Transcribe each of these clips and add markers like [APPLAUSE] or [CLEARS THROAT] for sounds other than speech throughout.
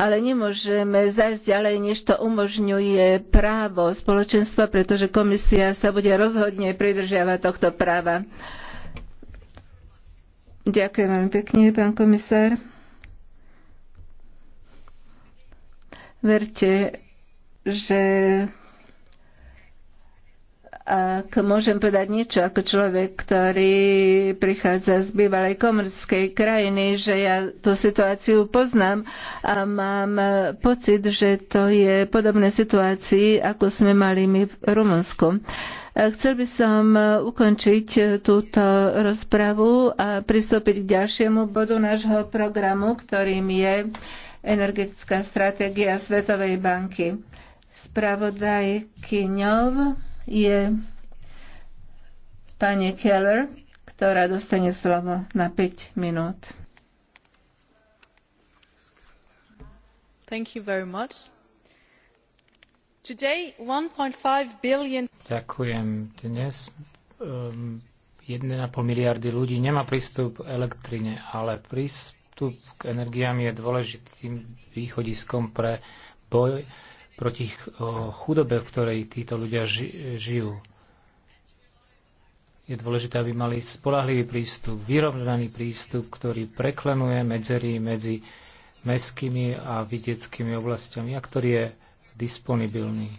ale nemôžeme zajsť ďalej, než to umožňuje právo spoločenstva, pretože komisia sa bude rozhodne pridržiavať tohto práva. Ďakujem veľmi pekne, pán komisár. Verte, že ak môžem povedať niečo ako človek, ktorý prichádza z bývalej komerskej krajiny, že ja tú situáciu poznám a mám pocit, že to je podobné situácii, ako sme mali my v Rumunsku. Chcel by som ukončiť túto rozpravu a pristúpiť k ďalšiemu bodu nášho programu, ktorým je energetická stratégia Svetovej banky. Spravodajkyňov je pani Keller, ktorá dostane slovo na 5 minút. Thank you very much. Today, 1.5 billion... Ďakujem. Dnes um, 1,5 miliardy ľudí nemá prístup k elektrine, ale prístup k energiám je dôležitým východiskom pre boj proti eh, chudobe, v ktorej títo ľudia žijú. Je dôležité, aby mali spolahlivý prístup, vyrovnaný prístup, ktorý preklenuje medzery medzi mestskými a vidieckými oblastiami a ktorý je disponibilný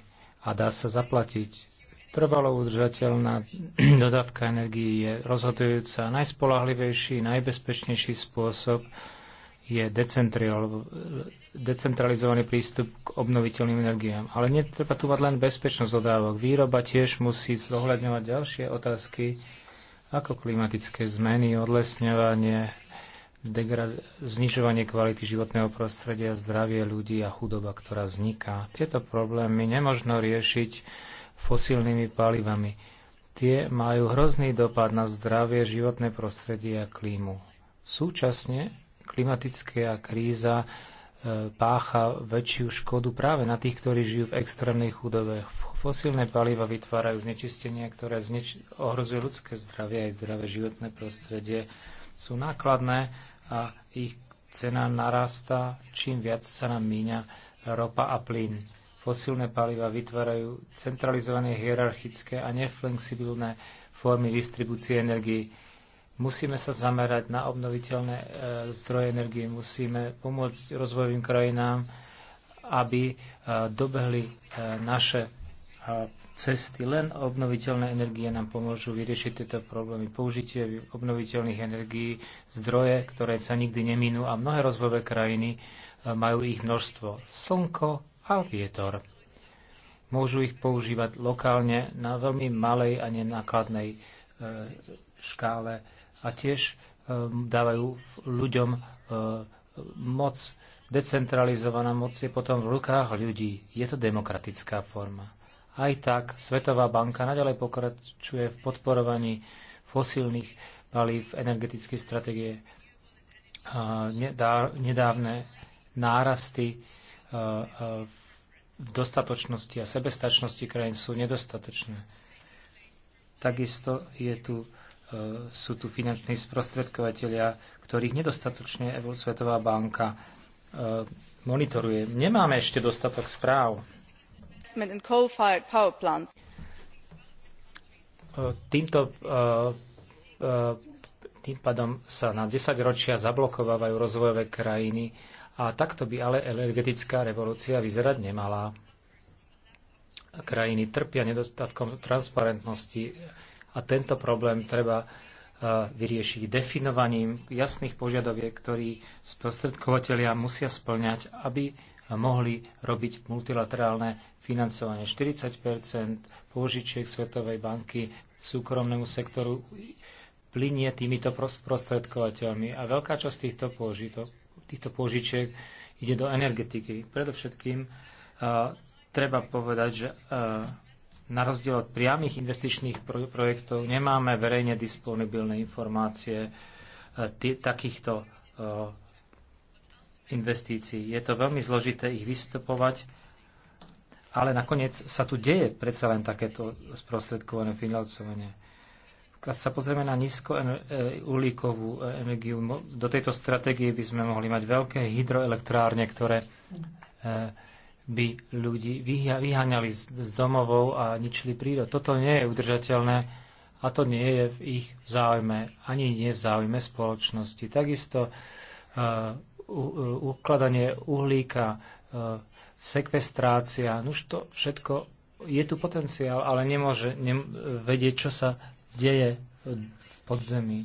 a dá sa zaplatiť. Trvalo udržateľná [CLEARS THROAT] dodávka energii je rozhodujúca najspolahlivejší, najbezpečnejší spôsob, je decentralizovaný prístup k obnoviteľným energiám. Ale netreba tu mať len bezpečnosť dodávok. Výroba tiež musí zohľadňovať ďalšie otázky, ako klimatické zmeny, odlesňovanie, znižovanie kvality životného prostredia, zdravie ľudí a chudoba, ktorá vzniká. Tieto problémy nemožno riešiť fosílnymi palivami. Tie majú hrozný dopad na zdravie, životné prostredie a klímu. Súčasne klimatická kríza e, pácha väčšiu škodu práve na tých, ktorí žijú v extrémnej chudobe. Fosílne paliva vytvárajú znečistenia, ktoré zneč- ohrozujú ľudské zdravie aj zdravé životné prostredie. Sú nákladné a ich cena narastá, čím viac sa nám míňa ropa a plyn. Fosílne paliva vytvárajú centralizované hierarchické a neflexibilné formy distribúcie energii Musíme sa zamerať na obnoviteľné e, zdroje energie, musíme pomôcť rozvojovým krajinám, aby e, dobehli e, naše cesty. Len obnoviteľné energie nám pomôžu vyriešiť tieto problémy. Použitie obnoviteľných energií, zdroje, ktoré sa nikdy neminú a mnohé rozvojové krajiny majú ich množstvo. Slnko a vietor. Môžu ich používať lokálne na veľmi malej a nenákladnej škále a tiež ehm, dávajú ľuďom ehm, moc. Decentralizovaná moc je potom v rukách ľudí. Je to demokratická forma. Aj tak Svetová banka naďalej pokračuje v podporovaní fosílnych palív energetickej stratégie. Nedávne nárasty e, e, v dostatočnosti a sebestačnosti krajín sú nedostatočné. Takisto je tu E, sú tu finanční sprostredkovateľia, ktorých nedostatočne Svetová banka e, monitoruje. Nemáme ešte dostatok správ. E, týmto tým pádom sa na 10 ročia zablokovávajú rozvojové krajiny a takto by ale energetická revolúcia vyzerať nemala. Krajiny trpia nedostatkom transparentnosti a tento problém treba e, vyriešiť definovaním jasných požiadoviek, ktorí sprostredkovateľia musia splňať, aby mohli robiť multilaterálne financovanie. 40 pôžičiek Svetovej banky súkromnému sektoru plinie týmito prostredkovateľmi a veľká časť týchto, pôžito, týchto pôžičiek ide do energetiky. Predovšetkým uh, treba povedať, že uh, na rozdiel od priamých investičných projektov nemáme verejne disponibilné informácie e, takýchto e, investícií. Je to veľmi zložité ich vystupovať, ale nakoniec sa tu deje predsa len takéto sprostredkované financovanie. Keď sa pozrieme na nízkouhlíkovú e, energiu, do tejto stratégie by sme mohli mať veľké hydroelektrárne, ktoré by ľudí vyháňali z domovov a ničili prírod. Toto nie je udržateľné a to nie je v ich záujme, ani nie v záujme spoločnosti. Takisto uh, ukladanie uhlíka, uh, sekvestrácia, už to všetko, je tu potenciál, ale nemôže nem- vedieť, čo sa deje v podzemí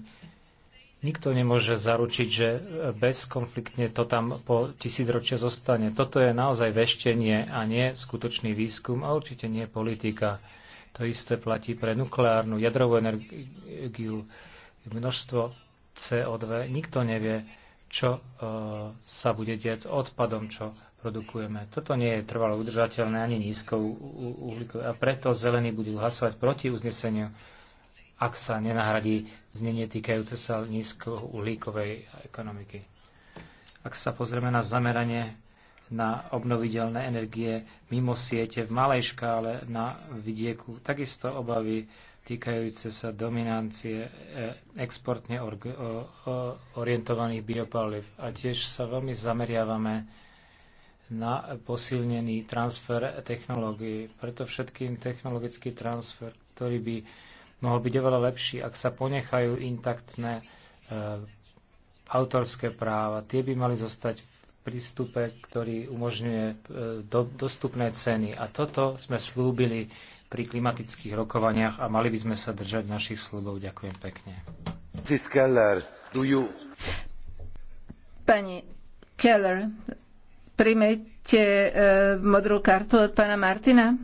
nikto nemôže zaručiť, že bezkonfliktne to tam po tisícročia zostane. Toto je naozaj veštenie a nie skutočný výskum a určite nie politika. To isté platí pre nukleárnu, jadrovú energiu, množstvo CO2. Nikto nevie, čo e, sa bude diať s odpadom, čo produkujeme. Toto nie je trvalo udržateľné ani nízko uhlíkové a preto zelení budú hlasovať proti uzneseniu ak sa nenahradí znenie týkajúce sa nízkouhlíkovej ekonomiky. Ak sa pozrieme na zameranie na obnoviteľné energie mimo siete v malej škále na vidieku, takisto obavy týkajúce sa dominancie e, exportne orientovaných biopaliv. A tiež sa veľmi zameriavame na posilnený transfer technológií. Preto všetkým technologický transfer, ktorý by mohol byť oveľa lepší, ak sa ponechajú intaktné e, autorské práva. Tie by mali zostať v prístupe, ktorý umožňuje e, do, dostupné ceny. A toto sme slúbili pri klimatických rokovaniach a mali by sme sa držať našich slúbov. Ďakujem pekne. Pani Keller, príjmete e, modrú kartu od pána Martina?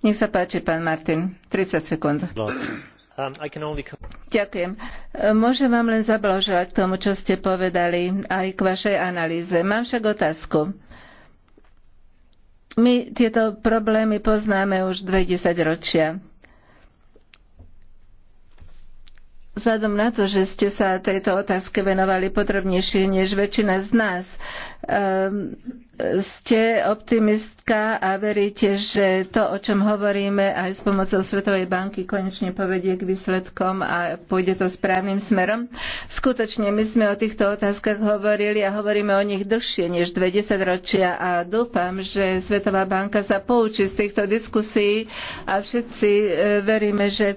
Nech sa páči, pán Martin, 30 sekúnd. Dobre. Um, Ďakujem. Môžem vám len zablažovať k tomu, čo ste povedali, aj k vašej analýze. Mám však otázku. My tieto problémy poznáme už 20 ročia. Vzhľadom na to, že ste sa tejto otázke venovali podrobnejšie než väčšina z nás, um, ste optimistka a veríte, že to, o čom hovoríme aj s pomocou Svetovej banky, konečne povedie k výsledkom a pôjde to správnym smerom. Skutočne my sme o týchto otázkach hovorili a hovoríme o nich dlhšie než 20 ročia a dúfam, že Svetová banka sa poučí z týchto diskusí a všetci e, veríme, že e,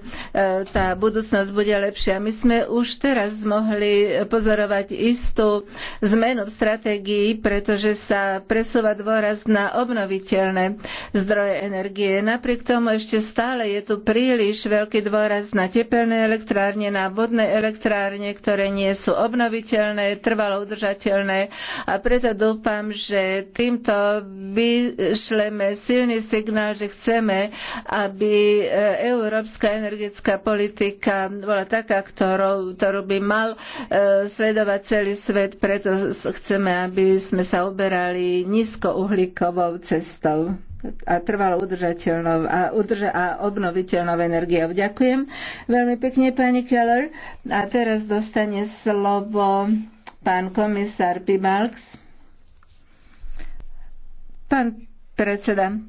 tá budúcnosť bude lepšia. My sme už teraz mohli pozorovať istú zmenu v stratégii, pretože sa presúva dôraz na obnoviteľné zdroje energie. Napriek tomu ešte stále je tu príliš veľký dôraz na tepelné elektrárne, na vodné elektrárne, ktoré nie sú obnoviteľné, trvalo udržateľné a preto dúfam, že týmto vyšleme silný signál, že chceme, aby e, európska energetická politika bola taká, ktorou, ktorú by mal e, sledovať celý svet, preto chceme, aby sme sa uberali nízkouhlíkovou cestou a trvalo udržateľnou a, udrža- a obnoviteľnou energiou. Ďakujem veľmi pekne, pani Keller. A teraz dostane slovo pán komisár Pibalks. Pán predseda, e,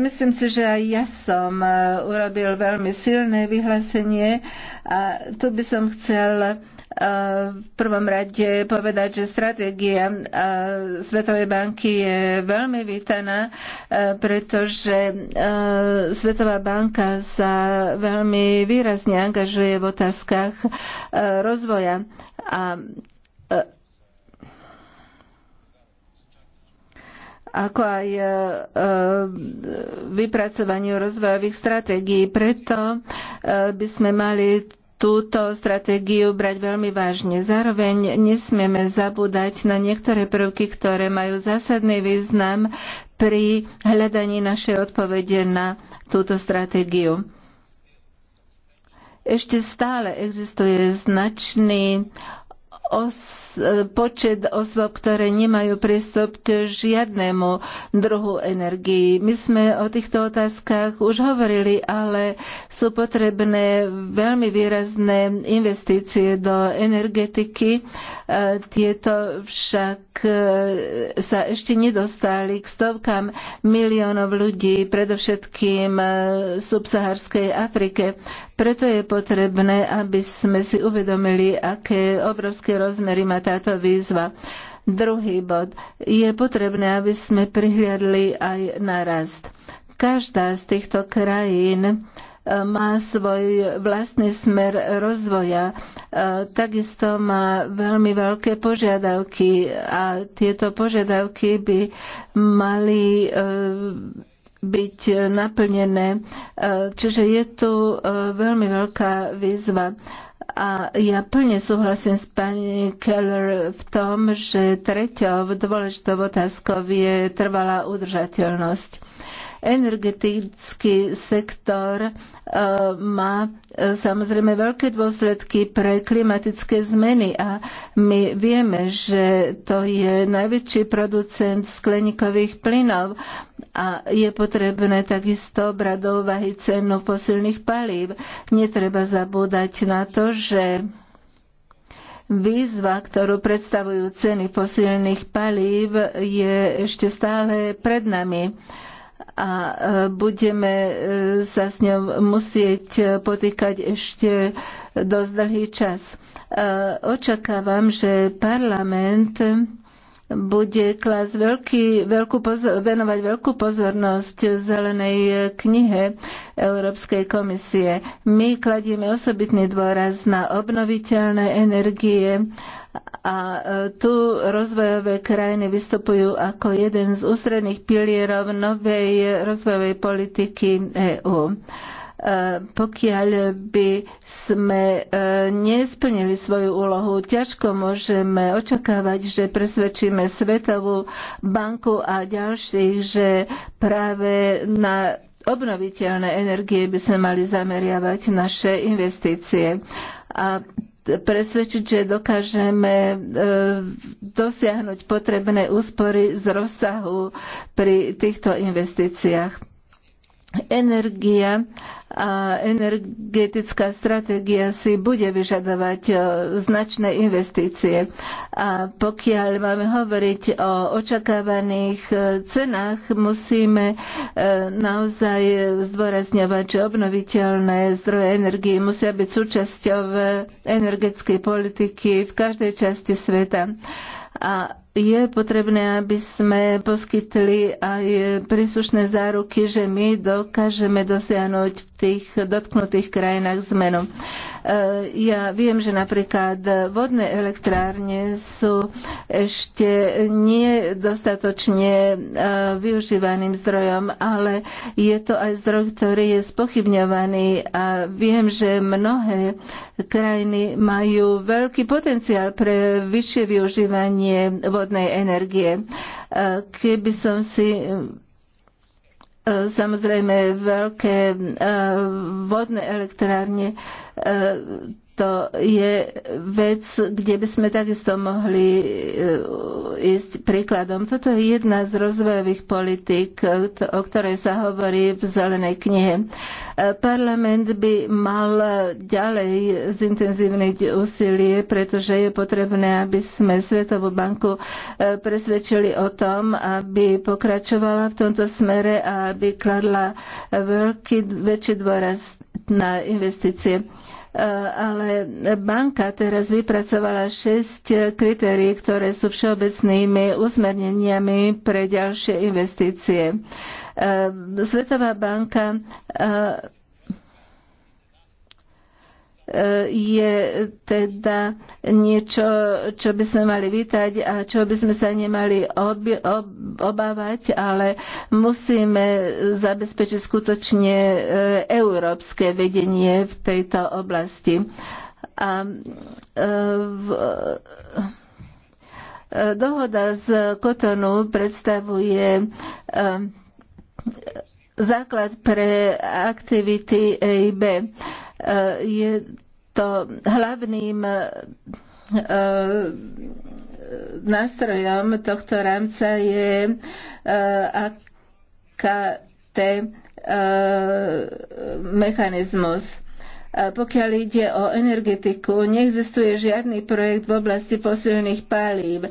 Myslím si, že aj ja som e, urobil veľmi silné vyhlásenie a tu by som chcel v prvom rade povedať, že stratégia Svetovej banky je veľmi vítaná, pretože Svetová banka sa veľmi výrazne angažuje v otázkach rozvoja a ako aj vypracovaniu rozvojových stratégií. Preto by sme mali túto stratégiu brať veľmi vážne. Zároveň nesmieme zabúdať na niektoré prvky, ktoré majú zásadný význam pri hľadaní našej odpovede na túto stratégiu. Ešte stále existuje značný os, počet osôb, ktoré nemajú prístup k žiadnemu druhu energii. My sme o týchto otázkach už hovorili, ale sú potrebné veľmi výrazné investície do energetiky. E, tieto však e, sa ešte nedostali k stovkám miliónov ľudí, predovšetkým e, subsaharskej Afrike. Preto je potrebné, aby sme si uvedomili, aké obrovské rozmery má táto výzva. Druhý bod. Je potrebné, aby sme prihliadli aj na rast. Každá z týchto krajín e, má svoj vlastný smer rozvoja. E, takisto má veľmi veľké požiadavky a tieto požiadavky by mali e, byť e, naplnené. E, čiže je tu e, veľmi veľká výzva. A ja plne súhlasím s pani Keller v tom, že treťou dôležitou otázkou je trvalá udržateľnosť. Energetický sektor e, má e, samozrejme veľké dôsledky pre klimatické zmeny a my vieme, že to je najväčší producent skleníkových plynov a je potrebné takisto brať do úvahy cenu fosilných palív. Netreba zabúdať na to, že Výzva, ktorú predstavujú ceny fosílnych palív, je ešte stále pred nami a e, budeme e, sa s ňou musieť e, potýkať ešte dosť dlhý čas. Očakávam, že parlament bude klas veľký, veľkú pozor, venovať veľkú pozornosť zelenej knihe Európskej komisie. My kladieme osobitný dôraz na obnoviteľné energie a e, tu rozvojové krajiny vystupujú ako jeden z ústredných pilierov novej rozvojovej politiky EÚ e, pokiaľ by sme e, nesplnili svoju úlohu, ťažko môžeme očakávať, že presvedčíme Svetovú banku a ďalších, že práve na obnoviteľné energie by sme mali zameriavať naše investície. A presvedčiť, že dokážeme e, dosiahnuť potrebné úspory z rozsahu pri týchto investíciách energia a energetická stratégia si bude vyžadovať e, značné investície. A pokiaľ máme hovoriť o očakávaných e, cenách, musíme e, naozaj zdôrazňovať, že obnoviteľné zdroje energie musia byť súčasťou energetickej politiky v každej časti sveta. A je potrebné, aby sme poskytli aj príslušné záruky, že my dokážeme dosiahnuť v tých dotknutých krajinách zmenu. E, ja viem, že napríklad vodné elektrárne sú ešte nedostatočne e, využívaným zdrojom, ale je to aj zdroj, ktorý je spochybňovaný a viem, že mnohé krajiny majú veľký potenciál pre vyššie využívanie vodných slobodnej energie. E, keby som si e, samozrejme veľké e, vodné elektrárne to je vec, kde by sme takisto mohli e, ísť príkladom. Toto je jedna z rozvojových politik, o ktorej sa hovorí v Zelenej knihe. E, parlament by mal ďalej zintenzívniť úsilie, pretože je potrebné, aby sme Svetovú banku e, presvedčili o tom, aby pokračovala v tomto smere a aby kladla veľký, väčší dôraz na investície. E, ale banka teraz vypracovala 6 kritérií, ktoré sú všeobecnými usmerneniami pre ďalšie investície. E, Svetová banka e, je teda niečo, čo by sme mali vítať a čo by sme sa nemali ob, ob, obávať, ale musíme zabezpečiť skutočne e, európske vedenie v tejto oblasti. A e, v, e, Dohoda z Kotonu predstavuje základ pre aktivity EIB. E, je to hlavným e, e, nástrojom tohto rámca je AKT mechanizmus E, pokiaľ ide o energetiku, neexistuje žiadny projekt v oblasti posilných palív. E,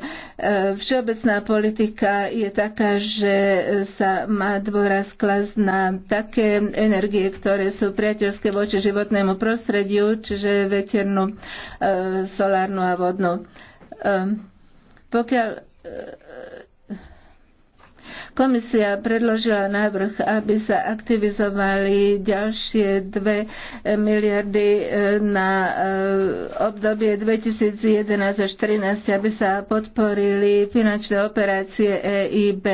všeobecná politika je taká, že sa má dôraz klas na také energie, ktoré sú priateľské voči životnému prostrediu, čiže veternú, e, solárnu a vodnú. Pokiaľ Komisia predložila návrh, aby sa aktivizovali ďalšie 2 eh, miliardy eh, na eh, obdobie 2011 až 2013, aby sa podporili finančné operácie EIB.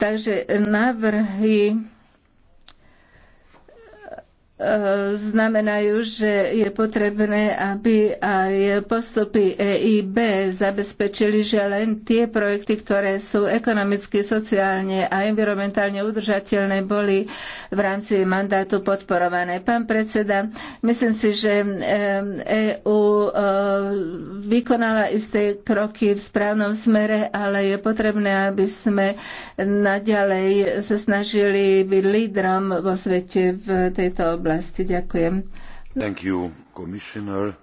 Takže návrhy Eh, znamenajú, že je potrebné, aby aj postupy EIB zabezpečili, že len tie projekty, ktoré sú ekonomicky, sociálne a environmentálne udržateľné, boli v rámci mandátu podporované. Pán predseda, myslím si, že EU eh, e eh, vykonala isté kroky v správnom smere, ale je potrebné, aby sme naďalej sa snažili byť lídrom vo svete v tejto oblasti oblasti. Ďakujem. Thank you, commissioner.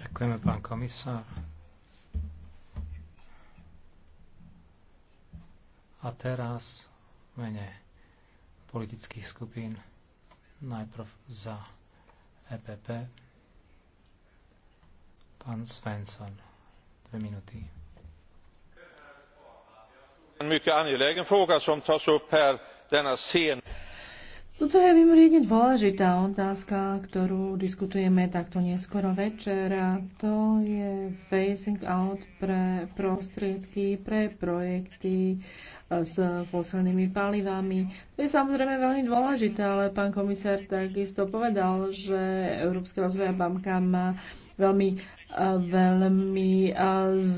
Ďakujeme, pán komisár. A teraz mene politických skupín najprv za EPP pán Svensson. Dve minúty. En mycket angelägen fråga som tas upp här denna sen. Toto no je mimoriadne dôležitá otázka, ktorú diskutujeme takto neskoro večer a to je phasing out pre prostriedky, pre projekty eh, s fosilnými palivami. To je samozrejme veľmi dôležité, ale pán komisár takisto povedal, že Európska rozvoja banka má veľmi, eh, veľmi eh,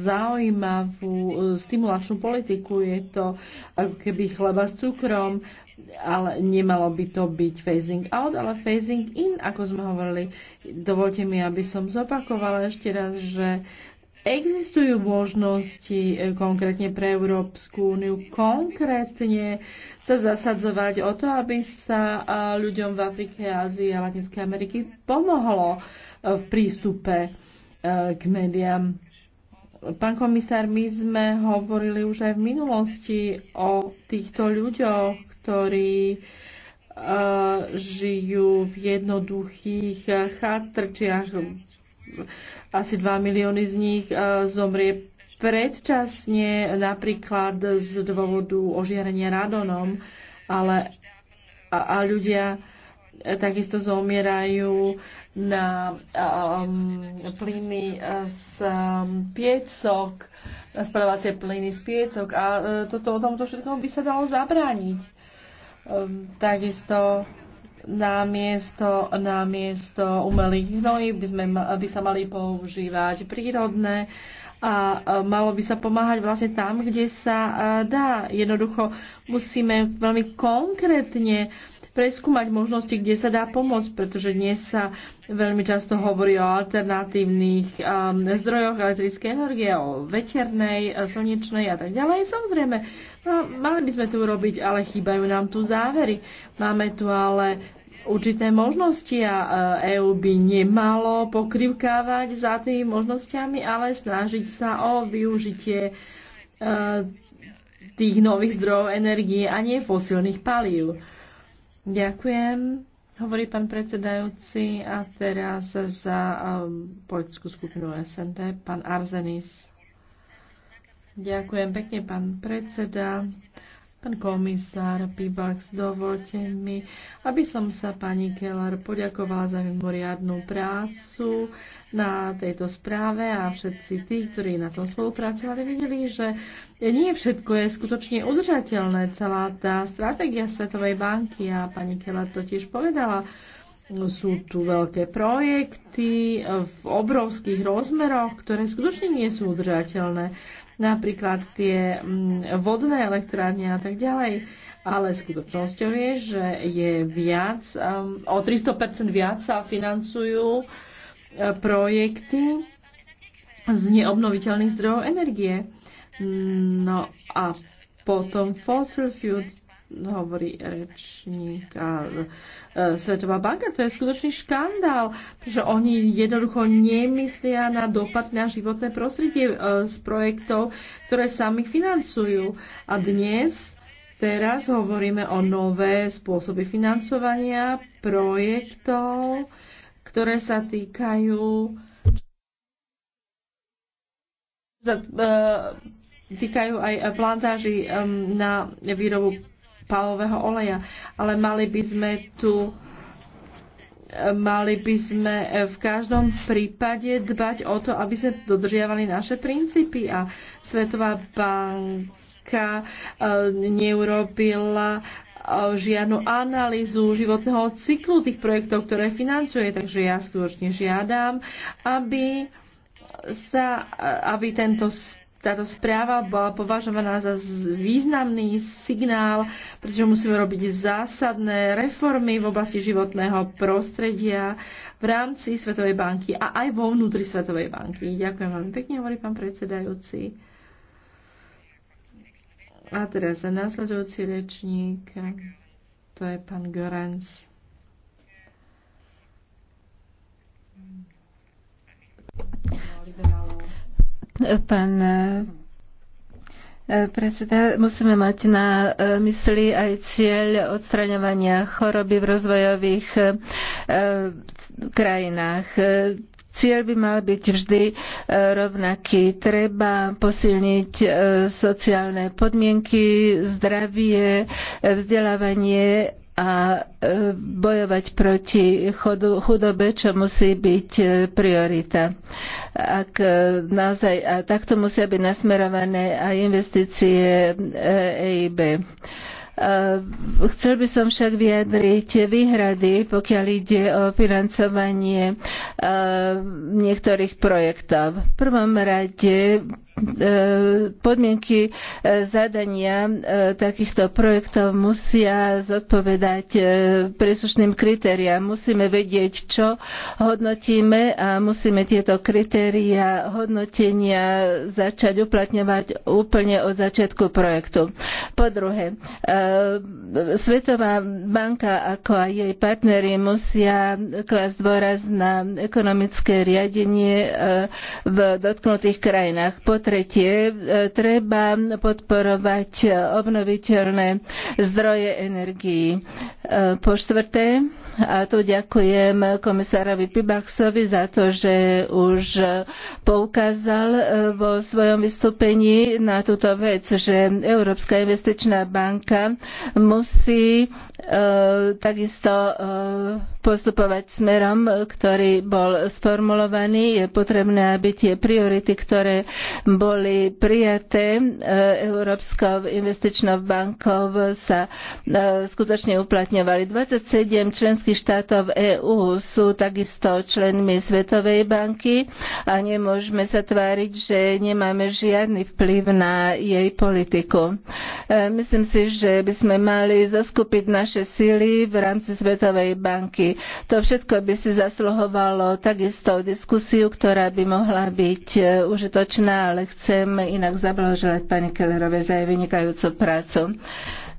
zaujímavú stimulačnú politiku. Je to ako keby chleba s cukrom ale nemalo by to byť phasing out, ale phasing in, ako sme hovorili. Dovolte mi, aby som zopakovala ešte raz, že existujú možnosti e, konkrétne pre Európsku úniu konkrétne sa zasadzovať o to, aby sa e, ľuďom v Afrike, Ázii a Latinskej Ameriky pomohlo e, v prístupe k médiám. Pán komisár, my sme hovorili už aj v minulosti o týchto ľuďoch, ktorí eh, žijú v jednoduchých eh, chatrčiach. Asi 2 milióny z nich eh, zomrie predčasne napríklad z dôvodu ožiarenia radonom, ale a, a ľudia takisto zomierajú na um, plyny z um, piecok, spaľovacie plyny z piecok a uh, toto, tomto všetkom by sa dalo zabrániť. Ehm, takisto namiesto, namiesto umelých hnojí by, sme, by sa mali používať prírodné a e, malo by sa pomáhať vlastne tam, kde sa e, dá. Jednoducho musíme veľmi konkrétne preskúmať možnosti, kde sa dá pomôcť, pretože dnes sa veľmi často hovorí o alternatívnych um, zdrojoch elektrickej energie, o veternej, slnečnej a tak ďalej. Samozrejme, no, mali by sme tu urobiť, ale chýbajú nám tu závery. Máme tu ale určité možnosti a EÚ e by nemalo pokrivkávať za tými možnosťami, ale snažiť sa o využitie e, tých nových zdrojov energie a nie fosílnych palív. Ďakujem, hovorí pán predsedajúci. A teraz za um, politickú skupinu SND, pán Arzenis. Ďakujem pekne, pán predseda. Pán komisár Pibax, dovolte mi, aby som sa pani Keller poďakovala za mimoriadnú prácu na tejto správe a všetci tí, ktorí na tom spolupracovali, videli, že nie všetko je skutočne udržateľné. Celá tá stratégia Svetovej banky a pani Keller totiž povedala, sú tu veľké projekty v obrovských rozmeroch, ktoré skutočne nie sú udržateľné napríklad tie mm, vodné elektrárne a tak ďalej. Ale skutočnosťou je, že je viac, um, o 300% viac sa financujú uh, projekty z neobnoviteľných zdrojov energie. No a potom fossil fuel hovorí rečník a e, Svetová banka. To je skutočný škandál, že oni jednoducho nemyslia na dopad na životné prostredie e, z projektov, ktoré sami financujú. A dnes, teraz hovoríme o nové spôsoby financovania projektov, ktoré sa týkajú e, týkajú aj plantáži na výrobu palového oleja. Ale mali by sme tu mali by sme v každom prípade dbať o to, aby sme dodržiavali naše princípy a Svetová banka eh, neurobila eh, žiadnu analýzu životného cyklu tých projektov, ktoré financuje. Takže ja skutočne žiadam, aby sa, eh, aby tento táto správa bola považovaná za významný signál, pretože musíme robiť zásadné reformy v oblasti životného prostredia v rámci Svetovej banky a aj vo vnútri Svetovej banky. Ďakujem veľmi pekne, hovorí pán predsedajúci. A teraz za následujúci rečník, to je pán Görens. Pán e, Predseda, musíme mať na e, mysli aj cieľ odstraňovania choroby v rozvojových e, krajinách. Cieľ by mal byť vždy rovnaký. Treba posilniť sociálne podmienky, zdravie, vzdelávanie a e, bojovať proti chudobe, čo musí byť e, priorita. Ak e, naozaj, a takto musia byť nasmerované aj investície EIB. Chcel by som však vyjadriť výhrady, pokiaľ ide o financovanie niektorých projektov. V prvom rade E, podmienky e, zadania e, takýchto projektov musia zodpovedať príslušným kritériám. Musíme vedieť, čo hodnotíme a musíme tieto kritéria hodnotenia začať uplatňovať úplne od začiatku projektu. Po druhé, Svetová banka ako aj jej partnery musia klásť dôraz na ekonomické riadenie v dotknutých krajinách. Po tretie, e, treba podporovať obnoviteľné zdroje energií. E, po štvrté, a tu ďakujem komisárovi Pibaxovi za to, že už poukázal e, vo svojom vystúpení na túto vec, že Európska investičná banka musí Eh, takisto eh, postupovať smerom, ktorý bol sformulovaný. Je potrebné, aby tie priority, ktoré boli prijaté eh, Európskou investičnou bankou, sa skutočne uplatňovali. 27 členských štátov EÚ sú takisto členmi Svetovej banky a nemôžeme sa tváriť, že nemáme žiadny vplyv na jej politiku. Myslím si, že by sme mali zaskupiť. naše naše síly v rámci Svetovej banky. To všetko by si zasluhovalo takisto diskusiu, ktorá by mohla byť e, užitočná, ale chcem inak zablahoželať pani Kellerovej za jej vynikajúcu prácu.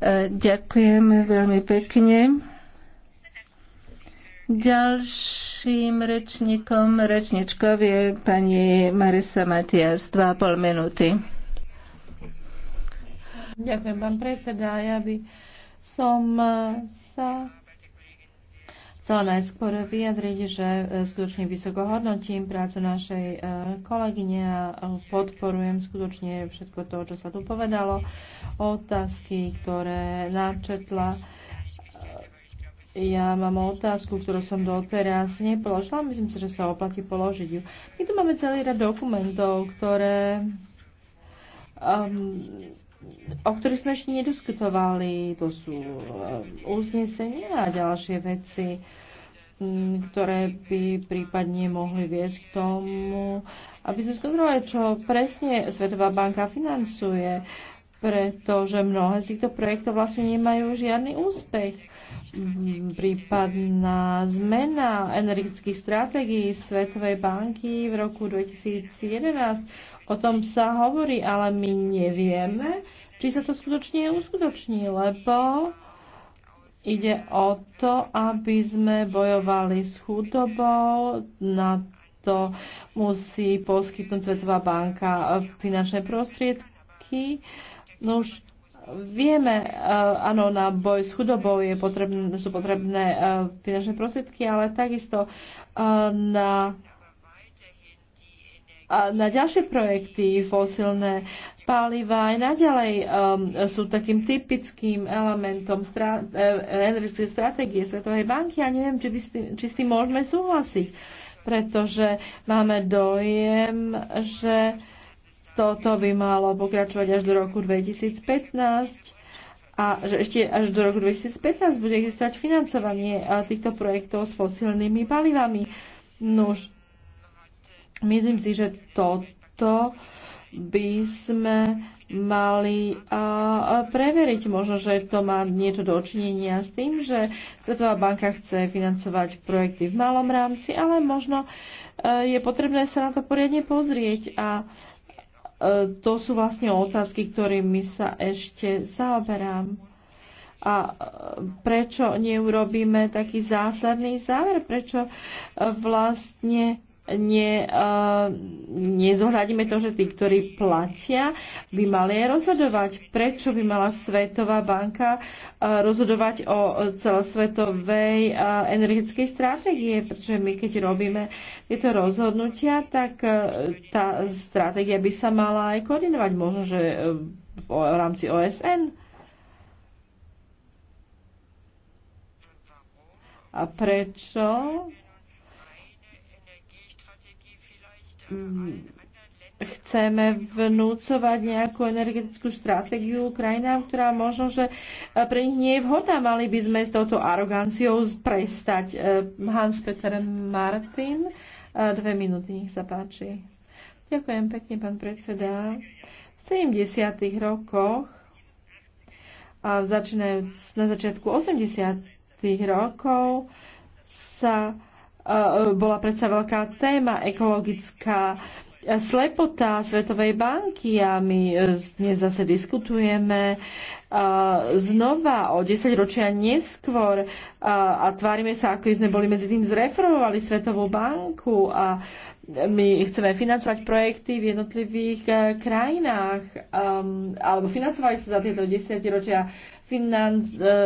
E, ďakujem veľmi pekne. Ďalším rečníkom, rečničkov je pani Marisa Matias, 2,5 minúty. Ďakujem, pán predseda. Ja by som eh, sa chcela najskôr vyjadriť, že eh, skutočne vysoko hodnotím prácu našej eh, kolegyne a podporujem skutočne všetko to, čo sa tu povedalo, otázky, ktoré načetla. Ja mám otázku, ktorú som doteraz nepoložila. Myslím si, že sa oplatí položiť ju. My tu máme celý rad dokumentov, ktoré um, o ktorých sme ešte nediskutovali. To sú eh, uznesenia a ďalšie veci, mm, ktoré by prípadne mohli viesť k tomu, aby sme skontrolovali, čo presne Svetová banka financuje pretože mnohé z týchto projektov vlastne nemajú žiadny úspech. Prípadná zmena energetických stratégií Svetovej banky v roku 2011, o tom sa hovorí, ale my nevieme, či sa to skutočne uskutoční, lebo ide o to, aby sme bojovali s chudobou na to musí poskytnúť Svetová banka finančné prostriedky. Uh, No už vieme, e, áno, na boj s chudobou je potrebné, sú potrebné e, finančné prostriedky, ale takisto e, na na ďalšie projekty fosilné paliva aj naďalej um, sú takým typickým elementom strá- energetickej stratégie Svetovej banky a neviem, či, by s tým, či s tým môžeme súhlasiť, pretože máme dojem, že uh, toto by malo pokračovať až do roku 2015 a že ešte až do roku 2015 bude existovať financovanie eh, týchto projektov s fosílnymi palivami. Nuž, myslím si, že toto by sme mali uh, preveriť. Možno, že to má niečo očinenia s tým, že Svetová banka chce financovať projekty v malom rámci, ale možno uh, je potrebné sa na to poriadne pozrieť a uh, E, to sú vlastne otázky, ktorými sa ešte zaoberám. A e, prečo neurobíme taký zásadný záver? Prečo e, vlastne ne, uh, nezohľadíme to, že tí, ktorí platia, by mali aj rozhodovať. Prečo by mala Svetová banka uh, rozhodovať o celosvetovej uh, energetickej stratégie? Pretože my, keď robíme tieto rozhodnutia, tak uh, tá stratégia by sa mala aj koordinovať. Možno, že uh, v, v rámci OSN. A prečo? chceme vnúcovať nejakú energetickú stratégiu krajinám, ktorá možno, že e, pre nich nie je vhodná. Mali by sme s touto aroganciou prestať. E, Hans-Peter Martin, e, dve minúty, nech sa páči. Ďakujem pekne, pán predseda. V 70. rokoch a začínajúc na začiatku 80. rokov sa Eh, bola predsa veľká téma ekologická slepota Svetovej banky a my eh, dnes zase diskutujeme eh, znova o 10 ročia neskôr a tvárime sa, ako sme boli medzi tým zreformovali Svetovú banku a my chceme financovať projekty v jednotlivých krajinách ehm, alebo financovali sa za tieto 10 ročia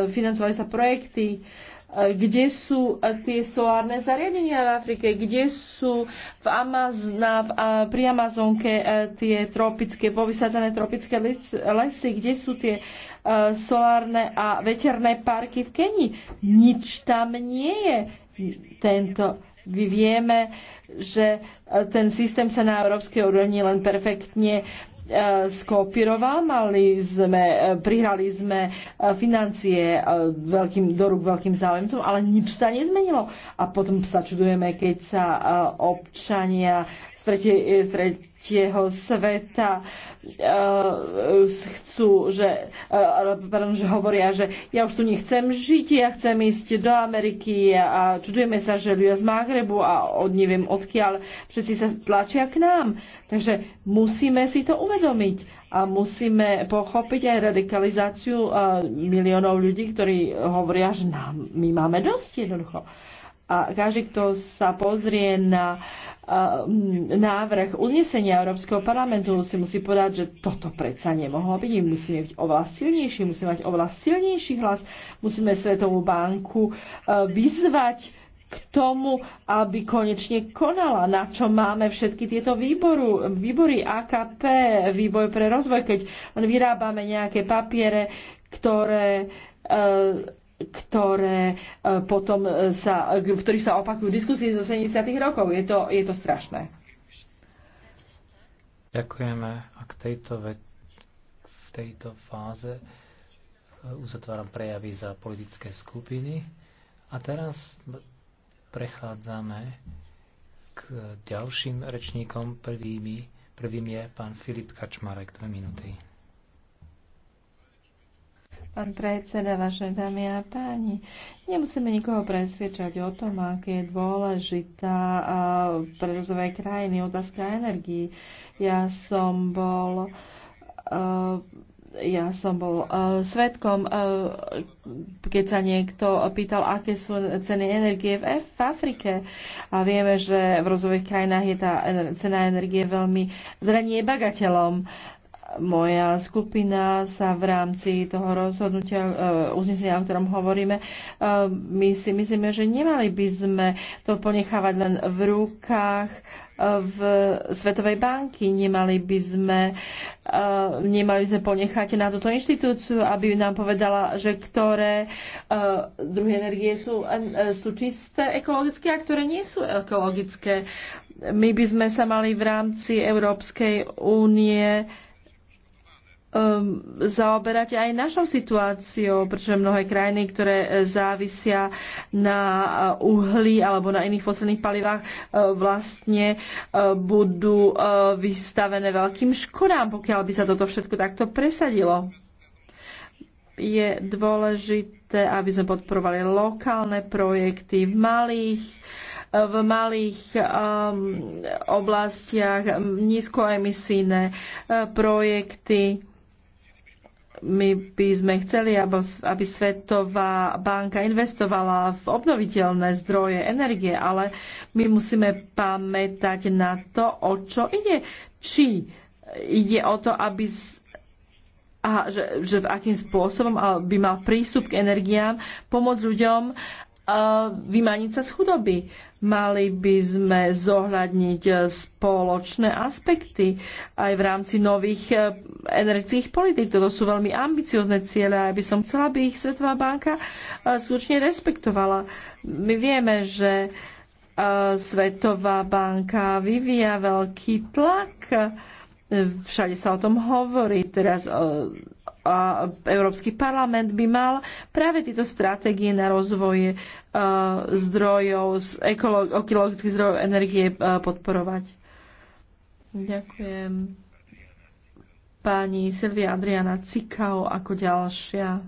financovali sa projekty kde sú e, tie solárne zariadenia v Afrike, kde sú v Amazna, v, e, pri Amazonke e, tie tropické, povysádzané tropické lesy, kde sú tie solárne a veterné parky v Kenii. Nič tam nie je. Tento, my vieme, že ten systém sa na európskej úrovni len perfektne uh, skopírová. Mali sme, prihrali sme e, financie e, veľkým, do rúk veľkým záujemcom, ale nič sa nezmenilo. A potom sa čudujeme, keď sa e, občania stretie, stretie tretieho sveta uh, chcú, že, uh, pardon, že hovoria, že ja už tu nechcem žiť, ja chcem ísť do Ameriky a čudujeme sa, že ľudia z Magrebu a od neviem odkiaľ všetci sa tlačia k nám. Takže musíme si to uvedomiť a musíme pochopiť aj radikalizáciu uh, miliónov ľudí, ktorí hovoria, že nám, my máme dosť jednoducho. Uh, a každý, kto sa pozrie na návrh uznesenia Európskeho parlamentu, si musí povedať, že toto predsa nemohlo byť. Musíme byť oveľa silnejší, musíme mať oveľa silnejší hlas, musíme Svetovú banku e, vyzvať k tomu, aby konečne konala, na čo máme všetky tieto výboru, výbory AKP, výboj pre rozvoj, keď vyrábame nejaké papiere, ktoré e, ktoré e, potom e, sa, e, v ktorých sa opakujú diskusie zo 70. rokov. Je to, je to strašné. Ďakujeme. A k tejto, ve- v tejto fáze uzatváram prejavy za politické skupiny. A teraz prechádzame k ďalším rečníkom. Prvými, prvým je pán Filip Kačmarek, dve minúty. Pán predseda, vaše dámy a páni, nemusíme nikoho presviečať o tom, aké je dôležitá pre rozvoj krajiny otázka energii. Ja som bol ja som bol uh, svetkom, uh, keď sa niekto pýtal, aké sú ceny energie v, F, v Afrike. A vieme, že v rozvojových krajinách je tá cena energie veľmi, zranie teda bagateľom. Uh, moja skupina sa v rámci toho rozhodnutia, e, uznesenia, o ktorom hovoríme, e, my si myslíme, že nemali by sme to ponechávať len v rukách e, v Svetovej banky. Nemali by sme, nemali by sme ponechať na túto inštitúciu, aby nám povedala, že ktoré druhé energie sú, sú čisté ekologické a ktoré nie sú ekologické. My by sme sa mali v rámci Európskej únie um, zaoberať aj našou situáciou, pretože mnohé krajiny, ktoré eh, závisia na eh, uhli alebo na iných fosilných palivách, eh, vlastne budú vystavené veľkým škodám, pokiaľ by sa toto všetko takto presadilo. Je dôležité, aby sme podporovali lokálne projekty v malých v malých um, oblastiach nízkoemisijné projekty my by sme chceli, aby Svetová banka investovala v obnoviteľné zdroje energie, ale my musíme pamätať na to, o čo ide. Či ide o to, aby a že, že v akým spôsobom by mal prístup k energiám pomôcť ľuďom vymaniť sa z chudoby. Mali by sme zohľadniť spoločné aspekty aj v rámci nových eh, energetických politik. Toto sú veľmi ambiciozne ciele a ja by som chcela, aby ich Svetová banka eh, skutočne respektovala. My vieme, že eh, Svetová banka vyvíja veľký tlak. Všade sa o tom hovorí. Teraz a Európsky parlament by mal práve tieto stratégie na rozvoj e, zdrojov, ekologických zdrojov energie e, podporovať. Ďakujem. Pani Silvia Adriana Cikao ako ďalšia.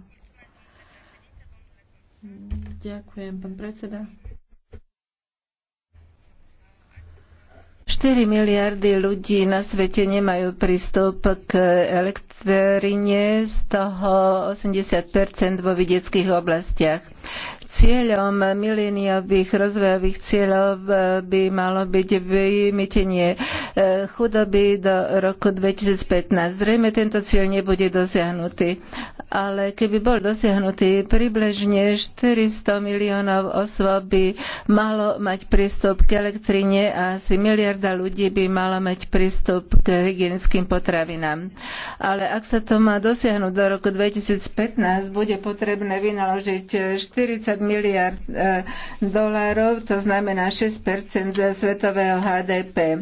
Ďakujem, pán predseda. 4 miliardy ľudí na svete nemajú prístup k elektrine, z toho 80 vo vidieckých oblastiach cieľom miléniových rozvojových cieľov eh, by malo byť vymytenie eh, chudoby do roku 2015. Zrejme tento cieľ nebude dosiahnutý, ale keby bol dosiahnutý, približne 400 miliónov osôb by malo mať prístup k elektrine a asi miliarda ľudí by mala mať prístup k hygienickým potravinám. Ale ak sa to má dosiahnuť do roku 2015, bude potrebné vynaložiť 40 miliard e, dolárov, to znamená 6 svetového HDP. E,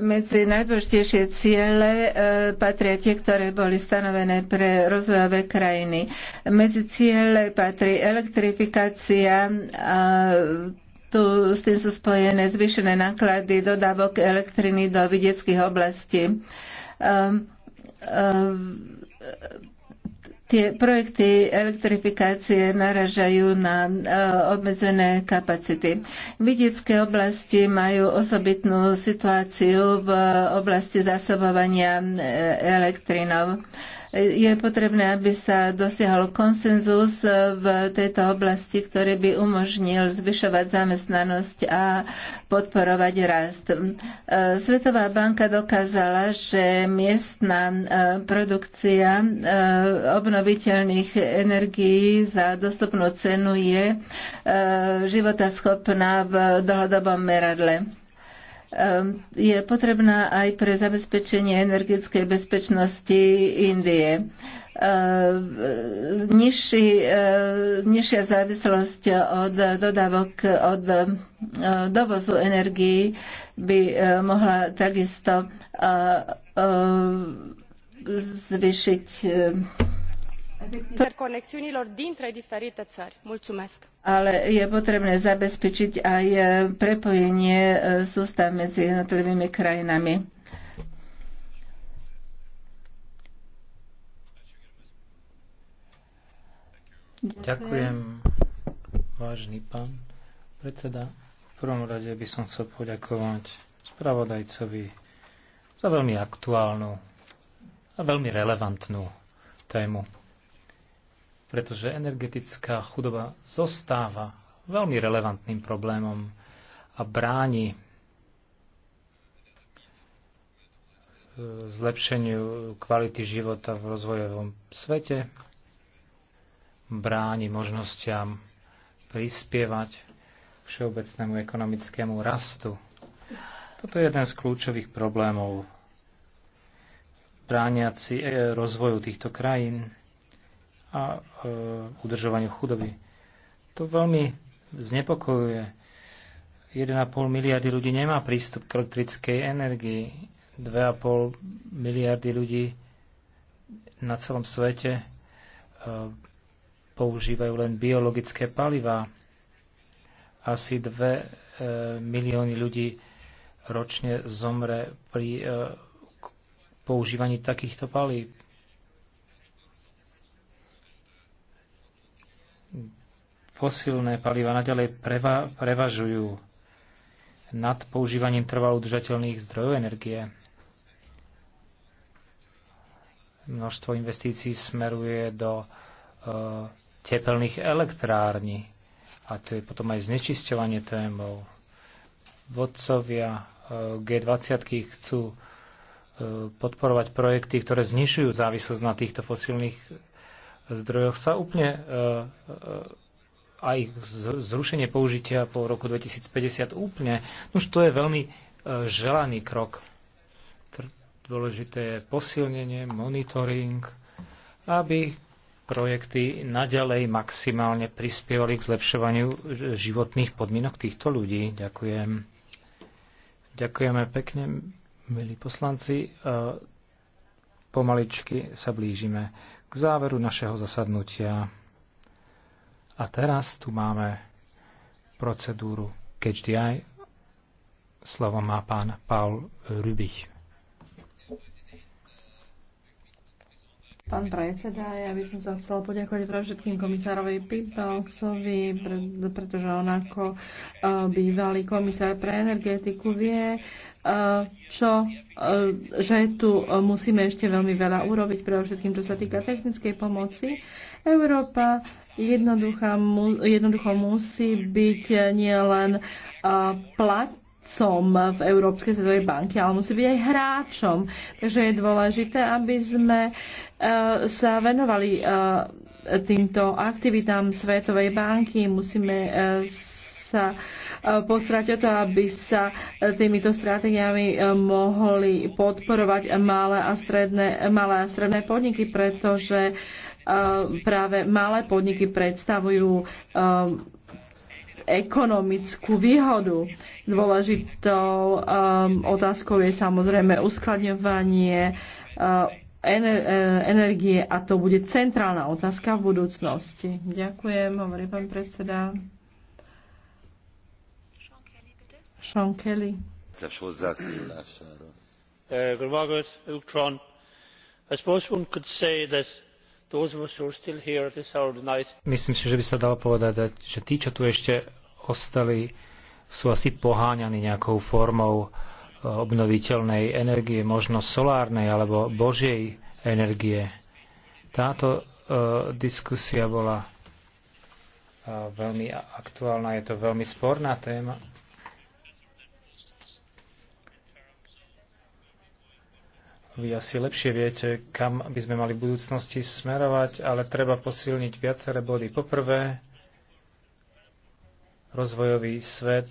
medzi najdôležitejšie ciele e, patria tie, ktoré boli stanovené pre rozvojové krajiny. Medzi ciele patrí elektrifikácia a tu s tým sú spojené zvýšené náklady dodávok elektriny do vidieckých oblastí. Um, um, Tie projekty elektrifikácie naražajú na e, obmedzené kapacity. Vidické oblasti majú osobitnú situáciu v oblasti zásobovania e, elektrinov. Je potrebné, aby sa dosiahol konsenzus v tejto oblasti, ktorý by umožnil zvyšovať zamestnanosť a podporovať rast. E, Svetová banka dokázala, že miestna e, produkcia e, obnoviteľných energií za dostupnú cenu je životaschopná v dlhodobom meradle. Ehm, je potrebná aj pre zabezpečenie energetickej bezpečnosti Indie. Ehm, nižší, ehm, nižšia závislosť od dodávok, od dovozu energii by mohla takisto zvyšiť interconexiunilor dintre diferite țări. Mulțumesc. Ale je potrebné zabezpečiť aj e, prepojenie e, sústav medzi jednotlivými krajinami. Ďakujem, vážny pán predseda. V prvom rade by som chcel poďakovať spravodajcovi za veľmi aktuálnu a veľmi relevantnú tému pretože energetická chudoba zostáva veľmi relevantným problémom a bráni e, zlepšeniu kvality života v rozvojovom svete, bráni možnostiam prispievať všeobecnému ekonomickému rastu. Toto je jeden z kľúčových problémov brániaci e, rozvoju týchto krajín a e, udržovaniu chudoby. To veľmi znepokojuje. 1,5 miliardy ľudí nemá prístup k elektrickej energii. 2,5 miliardy ľudí na celom svete e, používajú len biologické palivá. Asi 2 e, milióny ľudí ročne zomre pri používaní takýchto palív. Fosilné paliva naďalej preva- prevažujú nad používaním trvalo udržateľných zdrojov energie. Množstvo investícií smeruje do e, tepelných elektrární a to je potom aj znečisťovanie témov. Vodcovia e, G20 chcú e, podporovať projekty, ktoré znižujú závislosť na týchto fosílnych zdrojoch, sa úplne e, e, aj ich zrušenie použitia po roku 2050 úplne, už to je veľmi e, želaný krok. Dôležité je posilnenie, monitoring, aby projekty naďalej maximálne prispievali k zlepšovaniu životných podmienok týchto ľudí. Ďakujem. Ďakujeme pekne, milí poslanci. E, pomaličky sa blížime k záveru našeho zasadnutia. A teraz tu máme procedúru Catch the Eye. Slovo má pán Paul Rubich. Pán predseda, ja by som sa chcela poďakovať pre všetkým komisárovi Pipelcovi, pretože on ako e, bývalý komisár pre energetiku vie, Eh, čo, eh, že tu eh, musíme ešte veľmi veľa urobiť, predovšetkým čo sa týka technickej pomoci. Európa jednoducho musí byť nielen plat, som v Európskej svetovej banke, ale musí byť aj hráčom. Takže je dôležité, aby sme sa venovali týmto aktivitám Svetovej banky. Musíme sa postrať to, aby sa týmito stratégiami eh, mohli podporovať malé a stredné, malé a stredné podniky, pretože eh, práve malé podniky predstavujú eh, ekonomickú výhodu. Dôležitou um, otázkou je samozrejme uskladňovanie uh, ener, energie a to bude centrálna otázka v budúcnosti. Ďakujem, hovorí pán predseda. Eh, I suppose one could say that those of us who are still here at this hour of the night. Myslím si, že by sa dalo povedať, že tí, čo tu ešte ostali, sú asi poháňaní nejakou formou eh, obnoviteľnej energie, možno solárnej alebo božej energie. Táto eh, diskusia bola veľmi aktuálna, je to veľmi sporná téma Vy asi lepšie viete, kam by sme mali v budúcnosti smerovať, ale treba posilniť viaceré body. Poprvé, rozvojový svet.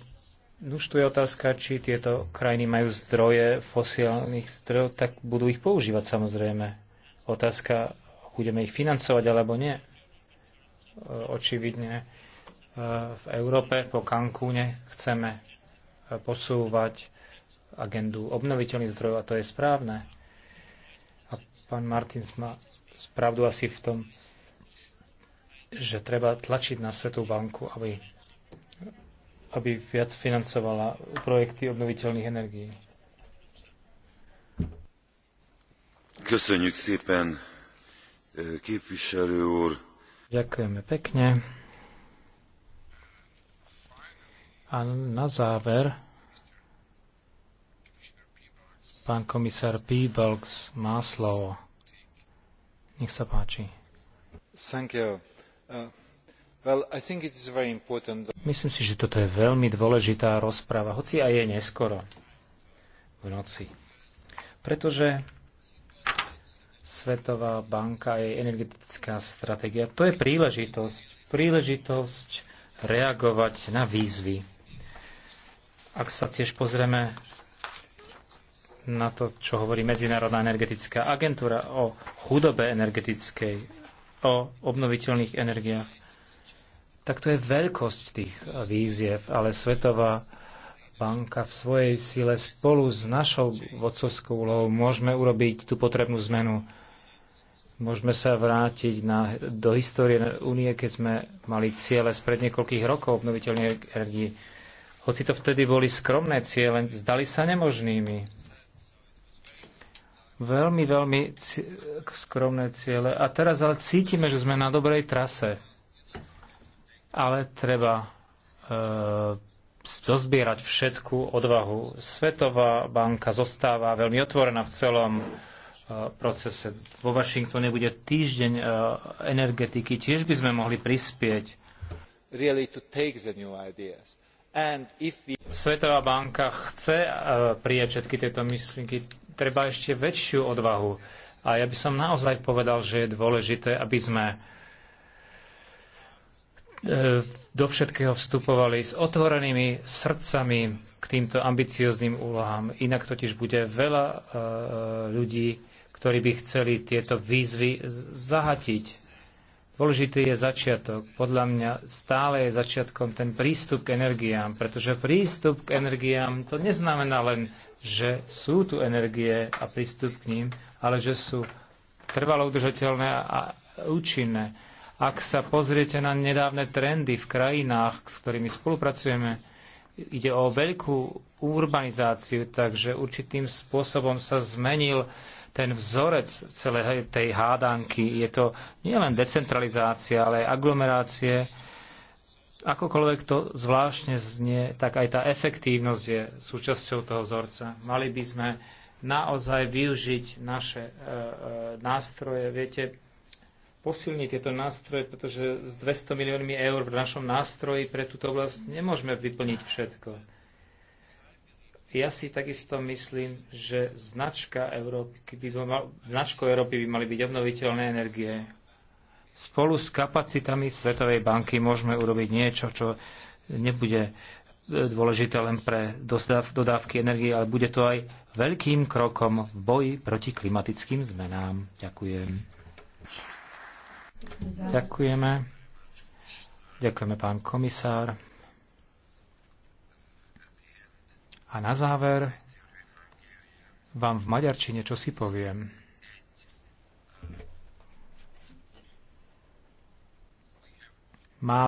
Už tu je otázka, či tieto krajiny majú zdroje fosílnych zdrojov, tak budú ich používať samozrejme. Otázka, budeme ich financovať alebo nie. E, očividne e, v Európe po Cancúne chceme e, posúvať agendu obnoviteľných zdrojov a to je správne. Pán Martins má spravdu asi v tom, že treba tlačiť na Svetú banku, aby, aby viac financovala projekty obnoviteľných energií. Köszönjük szépen, eh, képviselő úr. Ďakujeme pekne. A na záver Pán komisár Peebles má slovo. Nech sa páči. Uh, well, important... Myslím si, že toto je veľmi dôležitá rozpráva, hoci aj je neskoro v noci. Pretože Svetová banka a jej energetická stratégia, to je príležitosť. Príležitosť reagovať na výzvy. Ak sa tiež pozrieme na to, čo hovorí Medzinárodná energetická agentúra o chudobe energetickej, o obnoviteľných energiách, tak to je veľkosť tých výziev, ale Svetová banka v svojej sile spolu s našou vodcovskou úlohou môžeme urobiť tú potrebnú zmenu. Môžeme sa vrátiť na, do histórie únie, keď sme mali ciele spred niekoľkých rokov obnoviteľnej energii. Hoci to vtedy boli skromné ciele, zdali sa nemožnými. Veľmi, veľmi skromné ciele. A teraz ale cítime, že sme na dobrej trase. Ale treba e, dozbierať všetku odvahu. Svetová banka zostáva veľmi otvorená v celom e, procese. Vo Washingtone bude týždeň e, energetiky, tiež by sme mohli prispieť. Really to take the new ideas Svetová banka chce e, prijať všetky tieto myšlienky, treba ešte väčšiu odvahu. A ja by som naozaj povedal, že je dôležité, aby sme e, do všetkého vstupovali s otvorenými srdcami k týmto ambicióznym úlohám. Inak totiž bude veľa e, ľudí, ktorí by chceli tieto výzvy zahatiť Dôležitý je začiatok. Podľa mňa stále je začiatkom ten prístup k energiám, pretože prístup k energiám to neznamená len, že sú tu energie a prístup k ním, ale že sú trvalo udržateľné a účinné. Ak sa pozriete na nedávne trendy v krajinách, s ktorými spolupracujeme, Ide o veľkú urbanizáciu, takže určitým spôsobom sa zmenil ten vzorec celej tej hádanky. Je to nielen decentralizácia, ale aj aglomerácie. Akokoľvek to zvláštne znie, tak aj tá efektívnosť je súčasťou toho vzorca. Mali by sme naozaj využiť naše e, e, nástroje. Viete, posilniť tieto nástroje, pretože s 200 miliónmi eur v našom nástroji pre túto oblasť nemôžeme vyplniť všetko. Ja si takisto myslím, že značka Európy by mal, značkou Európy by mali byť obnoviteľné energie. Spolu s kapacitami Svetovej banky môžeme urobiť niečo, čo nebude dôležité len pre dostav, dodávky energie, ale bude to aj veľkým krokom v boji proti klimatickým zmenám. Ďakujem. Ďakujeme. Ďakujeme, pán komisár. A na záver vám v maďarčine čo si poviem. Má